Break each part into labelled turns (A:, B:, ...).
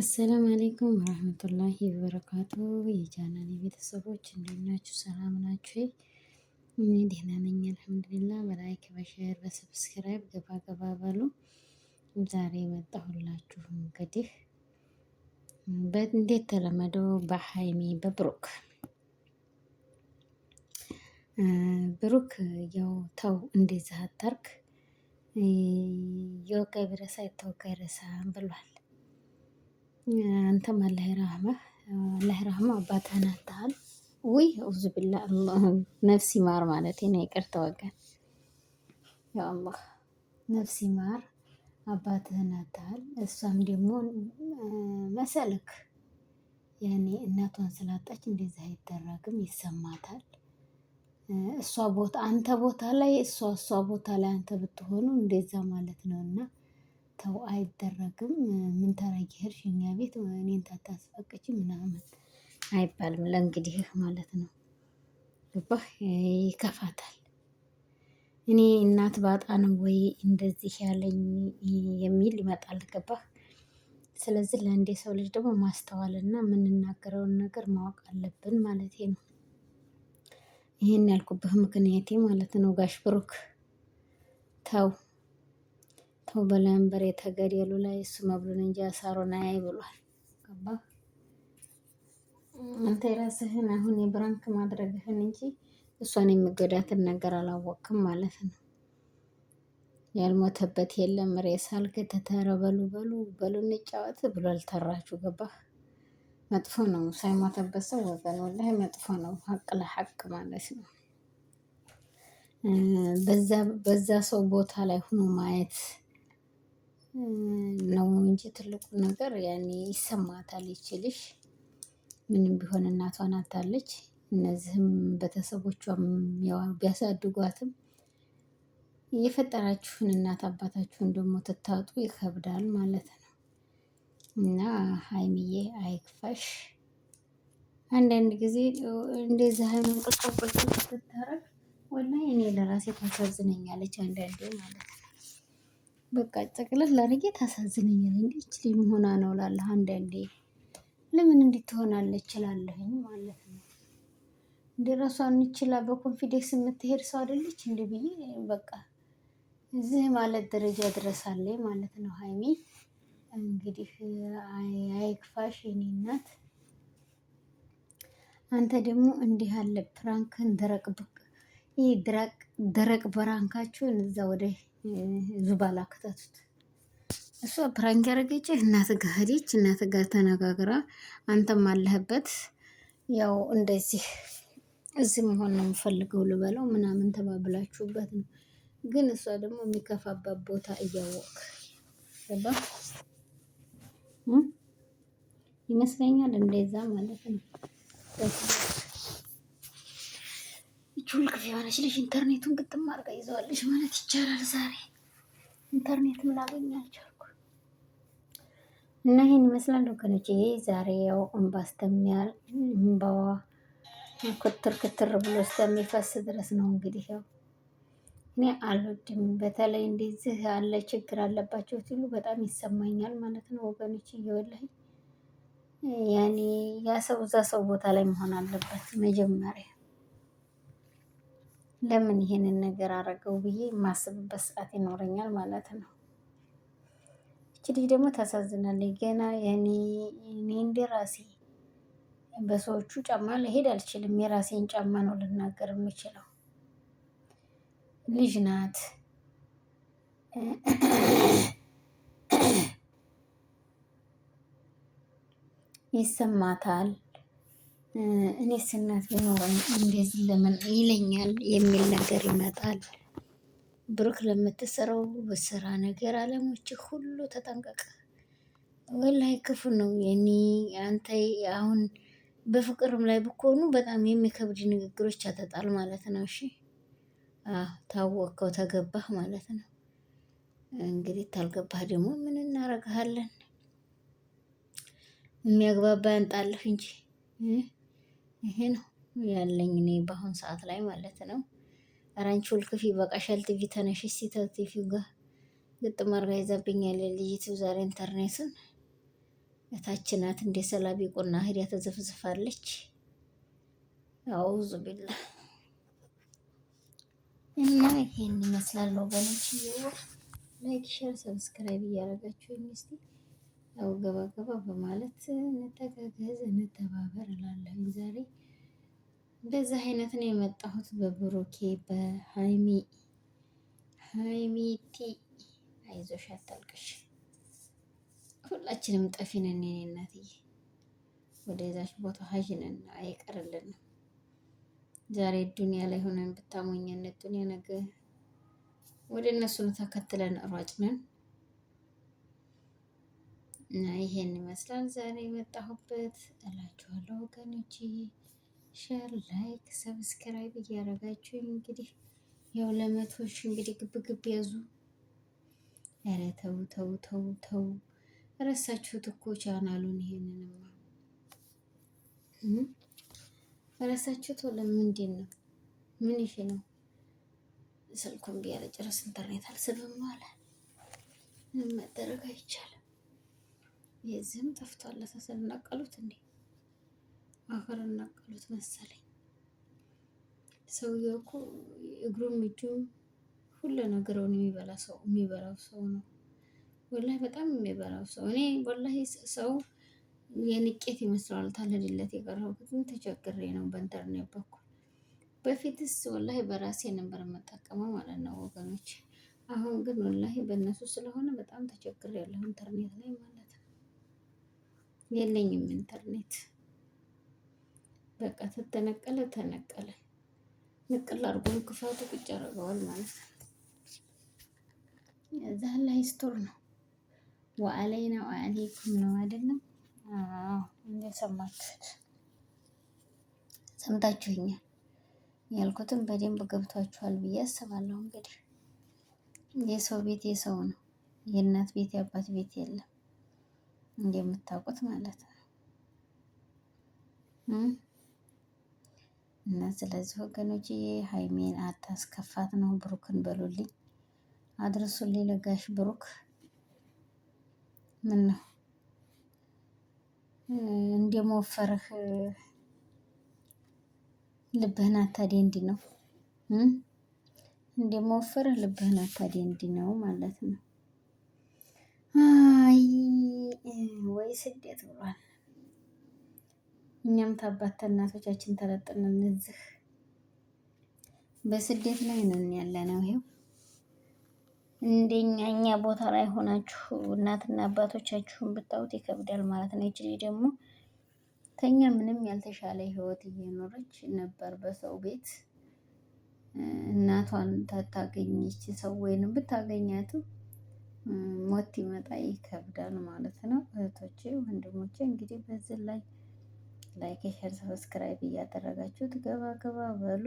A: አሰላም አሌይኩም ወረህመቱላሂ ወበረካቱ የጃናን ቤተሰቦች እንዴት ናችሁ? ሰላም ናችሁ? እኔ ደህና ነኝ አልሐምዱሊላህ። በላይክ በሸር በሰብስክራይብ ገባ ገባ በሉ። ዛሬ መጣሁላችሁ እንግዲህ እንዴት ተለመደው በሀይሚ በብሩክ ብሩክ ያው ተው እንደዛ አታርክ፣ የወጋይ ብረሳ የተወጋ ይረሳ ብሏል። አንተም አላህ ይራህመህ አላህ ይራህመው አባትህን አጥተሃል። ውይ አውዝ ብላ ነፍሲ ማር ማለት ነው። ይቅርታ ወገን፣ ያ አላህ ነፍሲ ማር አባትህን አጥተሃል። እሷም ደግሞ መሰልክ ያኔ እናቷን ስላጣች እንደዚህ አይደረግም፣ ይሰማታል። እሷ ቦታ አንተ ቦታ ላይ እሷ እሷ ቦታ ላይ አንተ ብትሆኑ እንደዛ ማለት ነው እና ተው አይደረግም ምን ታረጊ ሄድሽ እኛ ቤት እኔን ታታስፈቅጂ ምናምን አይባልም። ለእንግዲህ ማለት ነው ገባህ? ይከፋታል። እኔ እናት ባጣ ነው ወይ እንደዚህ ያለኝ የሚል ይመጣል። ገባህ? ስለዚህ ለአንድ ሰው ልጅ ደግሞ ማስተዋልና የምንናገረውን ነገር ማወቅ አለብን ማለት ነው። ይህን ያልኩብህ ምክንያቴ ማለት ነው ጋሽ ብሩክ ተው ተው በላንበሬ የተገደሉ ላይ እሱ መብሉን እንጂ አሳሩን አያይ ብሏል። ገባ አንተ የራስህን አሁን የብራንክ ማድረግህን እንጂ እሷን የሚጎዳትን ነገር አላወቅም ማለት ነው። ያልሞተበት የለም ሬሳ አልገተተረ በሉ በሉ በሉ እንጫወት ብሏል። ተራችሁ ገባ መጥፎ ነው። ሳይሞተበት ሰው ወገን ወላሂ መጥፎ ነው። ሀቅ ለሀቅ ማለት ነው። በዛ ሰው ቦታ ላይ ሆኖ ማየት ነው እንጂ ትልቁ ነገር ያኔ ይሰማታል ይችልሽ ምንም ቢሆን እናቷን አታለች እነዚህም ቤተሰቦቿም ያው ቢያሳድጓትም የፈጠራችሁን እናት አባታችሁን ደግሞ ትታጡ ይከብዳል ማለት ነው። እና ሀይሚዬ አይክፋሽ። አንዳንድ ጊዜ እንደዚህ አይነት ቁጭ ቁጭ ስታረግ ወላሂ እኔ ለራሴ ታሳዝነኛለች አንዳንዴ ማለት ነው። በቃ ጨቅለት ላድርጌ ታሳዝነኛል። እንዴት ልጅ መሆና ነው እላለሁ። አንዳንዴ ለምን እንዲህ ትሆናለች እችላለሁኝ ማለት ነው። እንደ ራሷን እንችላ በኮንፊደንስ የምትሄድ ሰው አይደለች እንደ ብዬ በቃ እዚህ ማለት ደረጃ ድረሳለ ማለት ነው። ሀይሚ እንግዲህ አይክፋሽ የኔ እናት። አንተ ደግሞ እንዲህ አለ ፕራንክን ድረቅ ይህ ድረቅ ደረቅ ብራንካችሁን እዛ ወደ ዙባላ ክተቱት። እሷ ፕራንክ ያደረገች እናት ጋር ሄደች፣ እናት ጋር ተነጋግራ አንተም አለህበት ያው እንደዚህ እዚህ መሆን ነው የምፈልገው ልበለው ምናምን ተባብላችሁበት ነው። ግን እሷ ደግሞ የሚከፋባት ቦታ እያወቅ ገባ ይመስለኛል እንደዛ ማለት ነው። ጁል የሆነች ልጅ ኢንተርኔቱን ግጥም አድርጋ ይዘዋለች ማለት ይቻላል። ዛሬ ኢንተርኔትም ላገኛቸው እና ይህን ይመስላል ወገኖች። ይሄ ዛሬ ያው እንባ ስተሚያል እንባዋ ክትር ክትር ብሎ እስከሚፈስ ድረስ ነው እንግዲህ ያው እኔ አልወድም። በተለይ እንደዚህ ያለ ችግር አለባቸው ሲሉ በጣም ይሰማኛል ማለት ነው ወገኖች። እየወላኝ ያኔ ያ ሰው እዛ ሰው ቦታ ላይ መሆን አለበት መጀመሪያ ለምን ይሄንን ነገር አረገው ብዬ የማስብበት ሰዓት ይኖረኛል ማለት ነው። እቺ ልጅ ደግሞ ታሳዝናለች። ገና እኔ እንደ ራሴ በሰዎቹ ጫማ ልሄድ አልችልም። የራሴን ጫማ ነው ልናገር የምችለው። ልጅ ናት ይሰማታል። እኔ ስናት ቢኖረኝ እንደዚህ ለምን ይለኛል የሚል ነገር ይመጣል። ብሩክ ለምትሰራው በስራ ነገር አለሞች ሁሉ ተጠንቀቀ። ወላይ ክፉ ነው። የኔ አንተ አሁን በፍቅርም ላይ ብኮኑ በጣም የሚከብድ ንግግሮች ያጠጣል ማለት ነው። እሺ ታወቀው ተገባህ ማለት ነው። እንግዲህ ታልገባህ ደግሞ ምን እናረግሃለን? የሚያግባባ ያንጣልህ እንጂ ይሄ ነው ያለኝ እኔ በአሁን ሰዓት ላይ ማለት ነው። አራንቺ ውልክፊ በቃሻል ቲቪ ተነሽ ሲተው ቲቪ ጋር ግጥም አርጋ ይዛብኛል ልጅቱ ዛሬ ኢንተርኔቱን እታች እንደ ሰላቢ ቁና ሂዳ ተዘፍዝፋለች። አውዙ ቢላ እና ይሄን ይመስላል ወገኖች። ላይክ ሸር፣ ሰብስክራይብ እያደረጋችሁ እስቲ ያው ገባ ገባ በማለት እንተጋገዝ እንተባበር እላለሁ። ዛሬ እንደዚህ አይነት ነው የመጣሁት በብሩኬ በሃይሚ ሃይሚቲ አይዞሽ አታልቅሽ። ሁላችንም ጠፊ ነን የኔ እናትዬ፣ ወደ ዛች ቦታ ሀጅ ነን አይቀርልንም። ዛሬ ዱኒያ ላይ ሆነን ብታሞኘነት ዱኒያ ነገ ወደ እነሱን ተከትለን ሯጭ ይሄን ይመስላል ዛሬ የመጣሁበት እላችኋለሁ ወገኖች። ሸር፣ ላይክ፣ ሰብስክራይብ እያደረጋችሁ እንግዲህ ያው ለመቶች እንግዲህ ግብ ያዙ። ኧረ ተው ተው ተው ተው፣ ረሳችሁት እኮ ቻናሉን። ይሄንንማ ረሳችሁት። ለምንድን ነው ምን ይሄ ነው? ስልኩን ቢያለ ጭረስ ኢንተርኔት አልስብም አለ። ምን መደረግ አይቻልም። የዚህም ጠፍቷል። ለተሰል እናቀሉት እንዴ አፈር እናቀሉት መሰለኝ። ሰውየው እኮ እግሩም እጁም ሁሉ ነገሩን የሚበላ ሰው የሚበላው ሰው ነው። ወላሂ በጣም የሚበላው ሰው እኔ ወላሂ ሰው የንቄት ይመስለዋል። ታለድለት የቀረብኩት ግን ተቸግሬ ነው በኢንተርኔት በኩል። በፊትስ ወላሂ በራሴ ነበር የምጠቀመው ማለት ነው ወገኖች። አሁን ግን ወላሂ በእነሱ ስለሆነ በጣም ተቸግሬ ያለሁ ኢንተርኔት ላይ ማለት ነው። የለኝም ኢንተርኔት። በቃ ተተነቀለ ተነቀለ። ንቅል አድርጎን ክፋቱ ቁጭ ያደርገዋል ማለት ነው። ዛህን ላይ ስቶር ነው ነው ወአሌይኩም ነው አይደለም? እንደሰማችሁት ሰምታችሁኛል። ያልኩትም በደንብ ገብቷችኋል ብዬ አስባለሁ። እንግዲህ የሰው ቤት የሰው ነው። የእናት ቤት የአባት ቤት የለም። እንደምታውቁት ማለት ነው። እና ስለዚህ ወገኖች ሀይሜን አታስከፋት ነው። ብሩክን በሉልኝ አድርሱልኝ ለጋሽ ብሩክ። ምን ነው እንደመወፈርህ ልብህን አታዲያ እንዲ ነው እንደመወፈርህ ልብህን አታዲያ እንዲ ነው ማለት ነው። አይ ስደት ብሏል። እኛም ታባት እናቶቻችን ተለጥነን እዚህ በስደት ላይ ነን ያለ ነው። ይሄው እንደኛ እኛ ቦታ ላይ ሆናችሁ እናትና አባቶቻችሁን ብታዩት ይከብዳል ማለት ነው። ይችል ደግሞ ከኛ ምንም ያልተሻለ ህይወት እየኖረች ነበር በሰው ቤት እናቷን ታታገኘች ሰው ወይንም ብታገኛትም ሞት ይመጣ ይከብዳል ማለት ነው። እህቶቼ ወንድሞቼ እንግዲህ በዚህ ላይ ላይክ፣ ሼር፣ ሰብስክራይብ እያደረጋችሁ ትገባ ገባ በሉ።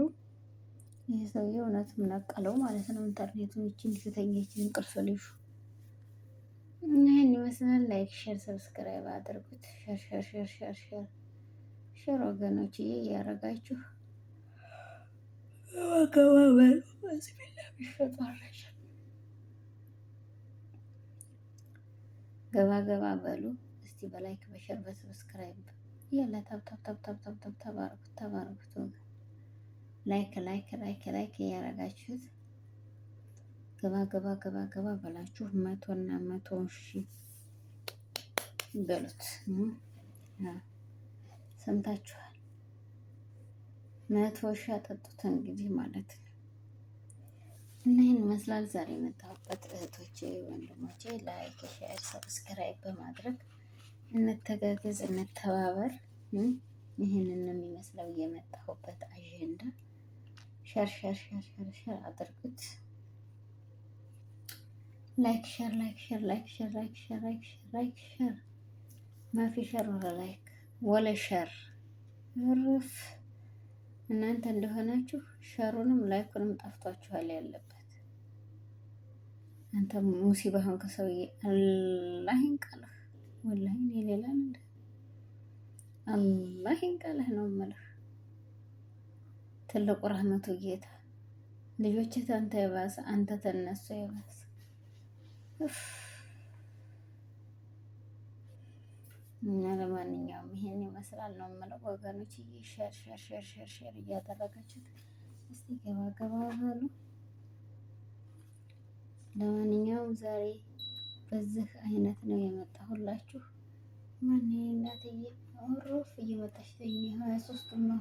A: ይህ ሰውዬ እውነትም ነቀለው ማለት ነው። ኢንተርኔቱን ይችን ሴተኛችን እንቅልፍ ልሹ ይህን ይመስላል። ላይክ፣ ሼር፣ ሰብስክራይብ አድርጉት። ሼር ሼር ሼር ሼር ሼር ሼር ወገኖች እየ እያረጋችሁ ገባ በሉ። በዚህ ቢላ ቢሸጡ ገባ ገባ በሉ እስቲ በላይክ በሸር በሰብስክራይብ እያለ ታብታብታብታብታብ ተባረኩት ተባረኩት። ላይክ ላይክ ላይክ ላይክ እያረጋችሁት ገባ ገባ ገባ ገባ በላችሁ መቶና መቶ ሺ በሉት። ሰምታችኋል። መቶ ሺ አጠጡት እንግዲህ ማለት ነው። እና ይህን ይመስላል ዛሬ የመጣሁበት እህቶቼ፣ ወንድሞቼ ላይክ፣ ሼር፣ ሰብስክራይብ በማድረግ እንተጋገዝ፣ እንተባበር። ይህንን የሚመስለው የመጣሁበት አጀንዳ ሸር ሸር ሸር ሸር ሸር አድርጉት። ላይክ ሸር ላይክ ሸር ላይክ ሸር ላይክ ሸር ላይክ ሸር ላይክ ሸር ማፊ ሸር ወለ ላይክ ወለ ሸር ርፍ እናንተ እንደሆናችሁ ሸሩንም ላይኩንም ጠፍቷችኋል ያለበት አንተ ሙሲባህን ከሰውዬ አላህን ይንቀልህ፣ ወላሂ የሌላ ሌላ እንደ አላህ ይንቀልህ ነው የምልህ። ትልቁ ረህመቱ ጌታ ልጆችህ አንተ የባሰ አንተ ተነሱ የባሰ እና ለማንኛውም ይሄን ይመስላል ነው የምለው ወገኖች። ሸር ሸር ሸር ሼር ሼር እያደረጋችሁት እስቲ ገባ ገባ በሉ። ለማንኛውም ዛሬ በዚህ አይነት ነው የመጣሁላችሁ። ማን እናትዬ ሩፍ እየመጣች ተኛ ሀያ ሶስት ነው